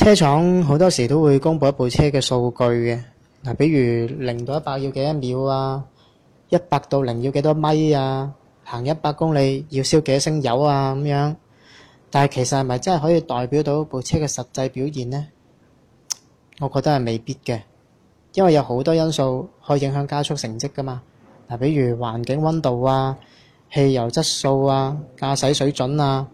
車廠好多時都會公布一部車嘅數據嘅，嗱，比如零到一百要幾多秒啊，一百到零要幾多米啊，行一百公里要燒幾多升油啊咁樣。但係其實係咪真係可以代表到部車嘅實際表現呢？我覺得係未必嘅，因為有好多因素可以影響加速成績㗎嘛。嗱，比如環境温度啊、汽油質素啊、駕駛水準啊。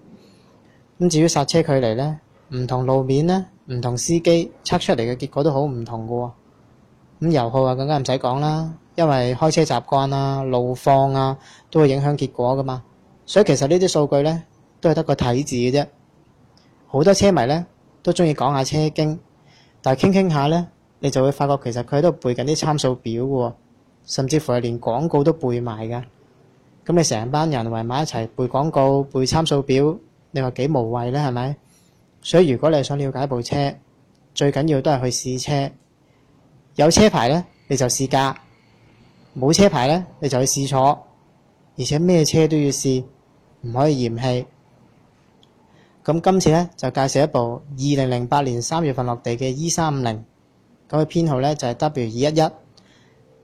咁至於剎車距離呢，唔同路面呢。唔同司機測出嚟嘅結果都好唔同㗎喎，咁油耗啊更加唔使講啦，因為開車習慣啊、路況啊都會影響結果㗎嘛。所以其實呢啲數據呢，都係得個睇字嘅啫。好多車迷呢，都中意講下車經，但係傾傾下呢，你就會發覺其實佢喺度背緊啲參數表㗎喎，甚至乎係連廣告都背埋㗎。咁你成班人圍埋一齊背廣告、背參數表，你話幾無謂呢？係咪？所以如果你想了解部車，最緊要都係去試車。有車牌咧，你就試駕；冇車牌咧，你就去試坐。而且咩車都要試，唔可以嫌棄。咁今次咧就介紹一部二零零八年三月份落地嘅 E 三五零，咁嘅編號咧就係 W 二一一。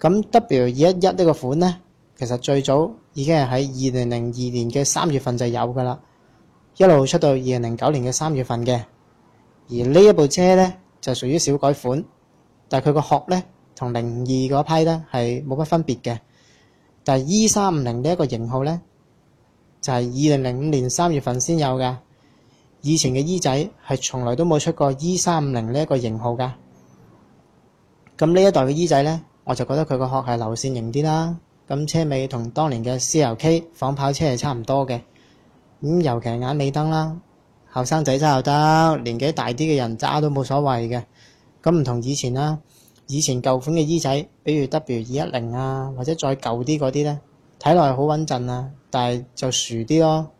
咁 W 二一一呢個款咧，其實最早已經係喺二零零二年嘅三月份就有㗎啦。一路出到二零零九年嘅三月份嘅，而呢一部車咧就屬於小改款，但係佢個殼咧同零二嗰批咧係冇乜分別嘅。但係 E 三五零呢一個型號咧就係二零零五年三月份先有嘅，以前嘅 E 仔係從來都冇出過 E 三五零呢一個型號㗎。咁呢一代嘅 E 仔咧，我就覺得佢個殼係流線型啲啦。咁車尾同當年嘅 CLK 仿跑車係差唔多嘅。咁、嗯、尤其係眼尾燈啦，後生仔揸又得，年紀大啲嘅人揸都冇所謂嘅。咁唔同以前啦，以前舊款嘅 E 仔，比如 W 二一零啊，或者再舊啲嗰啲呢，睇落去好穩陣啊，但係就薯啲咯。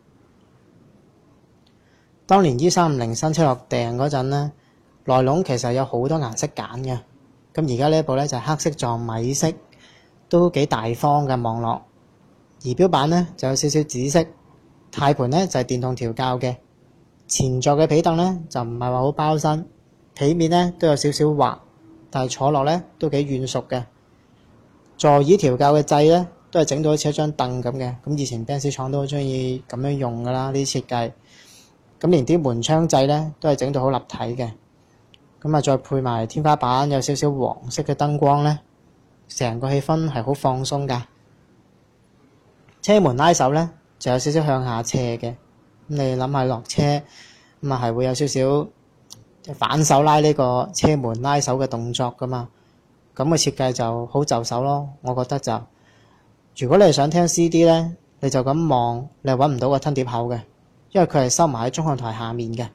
當年 E 三五零新車落訂嗰陣咧，內籠其實有好多顏色揀嘅。咁而家呢一部呢，就係、是、黑色撞米色，都幾大方嘅網絡。儀表板呢，就有少少紫色。軚盤咧就係、是、電動調校嘅，前座嘅皮凳咧就唔係話好包身，皮面咧都有少少滑，但係坐落咧都幾軟熟嘅。座椅調教嘅掣咧都係整到好似一張凳咁嘅，咁以前平治廠都好中意咁樣用噶啦呢啲設計。咁連啲門窗掣咧都係整到好立體嘅，咁啊再配埋天花板有少少黃色嘅燈光咧，成個氣氛係好放鬆噶。車門拉手咧。就有少少向下斜嘅，咁你諗下落車，咁啊係會有少少反手拉呢個車門拉手嘅動作噶嘛，咁嘅設計就好就手咯，我覺得就如果你係想聽 CD 咧，你就咁望，你揾唔到個吞碟口嘅，因為佢係收埋喺中控台下面嘅，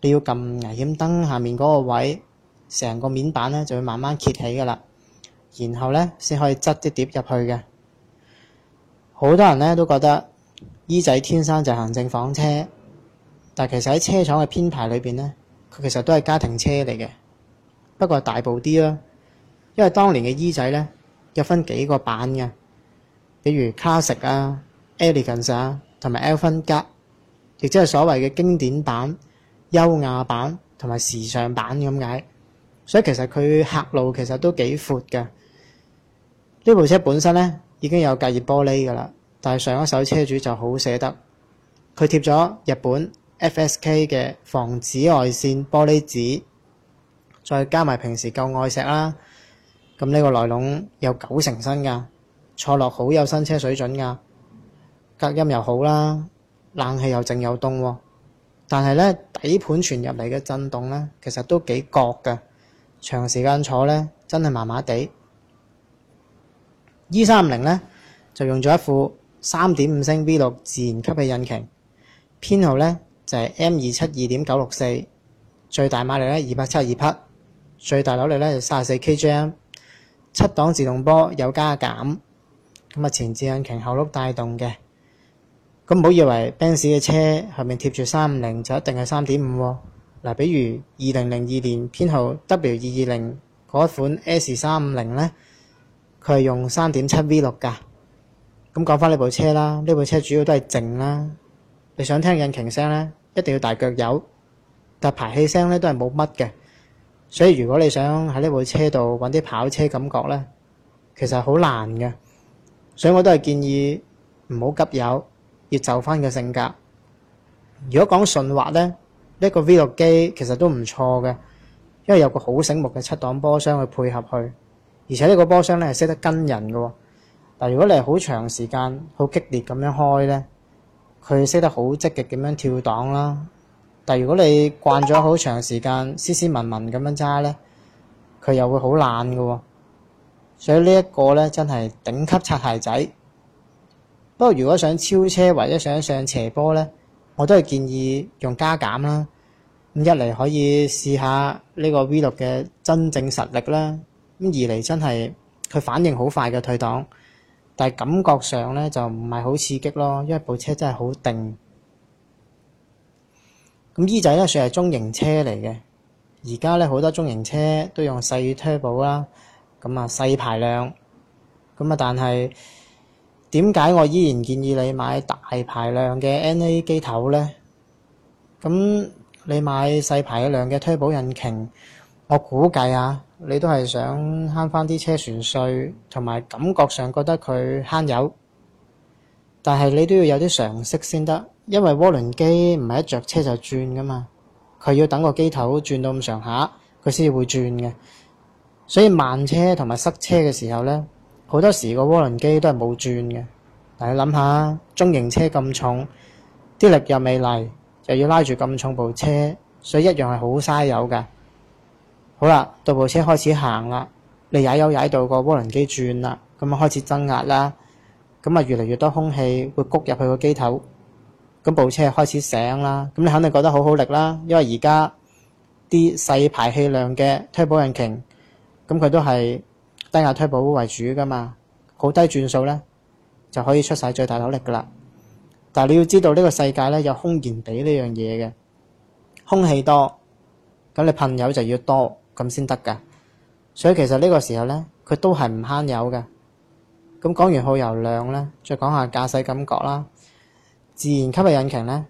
你要撳危險燈下面嗰個位，成個面板咧就會慢慢揭起噶啦，然後咧先可以擠啲碟入去嘅，好多人咧都覺得。E 仔天生就係行政房車，但其實喺車廠嘅編排裏邊呢，佢其實都係家庭車嚟嘅，不過大部啲啦，因為當年嘅 E 仔呢，有分幾個版嘅，比如 Classic 啊、Elegance 啊，同埋 Avantgarde，亦即係所謂嘅經典版、優雅版同埋時尚版咁解，所以其實佢客路其實都幾闊嘅。呢部車本身呢，已經有隔熱玻璃噶啦。但係上一手車主就好捨得，佢貼咗日本 FSK 嘅防紫外線玻璃紙，再加埋平時夠愛錫啦。咁呢個內籠有九成新噶，坐落好有新車水準噶，隔音又好啦，冷氣又靜又凍啊。但係呢底盤傳入嚟嘅震動呢，其實都幾覺嘅，長時間坐呢，真係麻麻地。E 三五零呢，就用咗一副，三點五升 V 六自然吸氣引擎，編號咧就係 M 二七二點九六四，最大馬力咧二百七十二匹，最大扭力咧就三十四 kgm，七擋自動波有加減，咁啊前置引擎後碌帶動嘅，咁唔好以為 Benz 嘅車後面貼住三五零就一定係三點五喎。嗱，比如二零零二年編號 W 二二零嗰款 S 三五零咧，佢係用三點七 V 六噶。咁講翻呢部車啦，呢部車主要都係靜啦。你想聽引擎聲咧，一定要大腳油，但排氣聲咧都係冇乜嘅。所以如果你想喺呢部車度揾啲跑車感覺咧，其實好難嘅。所以我都係建議唔好急油，要就翻個性格。如果講順滑咧，呢個 V 六機其實都唔錯嘅，因為有個好醒目嘅七擋波箱去配合佢，而且呢個波箱咧係識得跟人嘅。但如果你係好長時間好激烈咁樣開呢，佢識得好積極咁樣跳檔啦。但如果你慣咗好長時間斯斯文文咁樣揸呢，佢又會好懶嘅喎。所以呢一個呢，真係頂級擦鞋仔。不過如果想超車或者想上斜坡呢，我都係建議用加減啦。咁一嚟可以試下呢個 V 六嘅真正實力啦。咁二嚟真係佢反應好快嘅退檔。但係感覺上咧就唔係好刺激咯，因為部車真係好定。咁依、e、仔因算係中型車嚟嘅，而家咧好多中型車都用細推 u 啦，咁、嗯、啊細排量，咁、嗯、啊但係點解我依然建議你買大排量嘅 NA 機頭咧？咁你買細排量嘅推 u 引擎，我估計啊～你都係想慳翻啲車船稅，同埋感覺上覺得佢慳油，但係你都要有啲常識先得，因為渦輪機唔係一着車就轉㗎嘛，佢要等個機頭轉到咁上下，佢先至會轉嘅。所以慢車同埋塞車嘅時候呢，好多時個渦輪機都係冇轉嘅。但係你諗下，中型車咁重，啲力又未嚟，又要拉住咁重部車，所以一樣係好嘥油㗎。好啦，到部車開始行啦，你踩油踩,踩到個渦輪機轉啦，咁啊開始增壓啦，咁啊越嚟越多空氣會谷入去個機頭，咁部車開始醒啦，咁你肯定覺得好好力啦，因為而家啲細排氣量嘅推保引擎，咁佢都係低壓推保為主噶嘛，好低轉數咧就可以出晒最大扭力噶啦。但係你要知道呢個世界咧有空燃比呢樣嘢嘅，空氣多，咁你噴油就要多。咁先得噶，所以其實呢個時候呢，佢都係唔慳油嘅。咁講完耗油量呢，再講下駕駛感覺啦。自然吸氣引擎呢，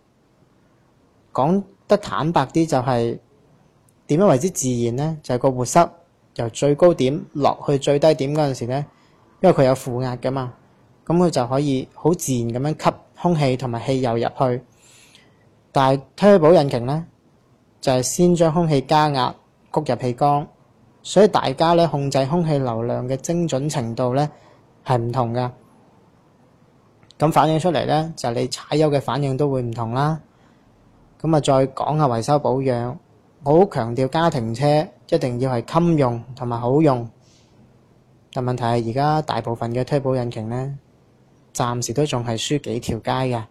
講得坦白啲就係點樣為之自然呢？就係、是、個活塞由最高點落去最低點嗰陣時咧，因為佢有負壓噶嘛，咁佢就可以好自然咁樣吸空氣同埋汽油入去。但係 Turbo 引擎呢，就係、是、先將空氣加壓。吸入氣缸，所以大家咧控制空氣流量嘅精準程度咧係唔同噶，咁反映出嚟咧就係你踩油嘅反應都會唔同啦。咁啊，再講下維修保養，我好強調家庭車一定要係襟用同埋好用，但問題係而家大部分嘅推保引擎咧，暫時都仲係輸幾條街嘅。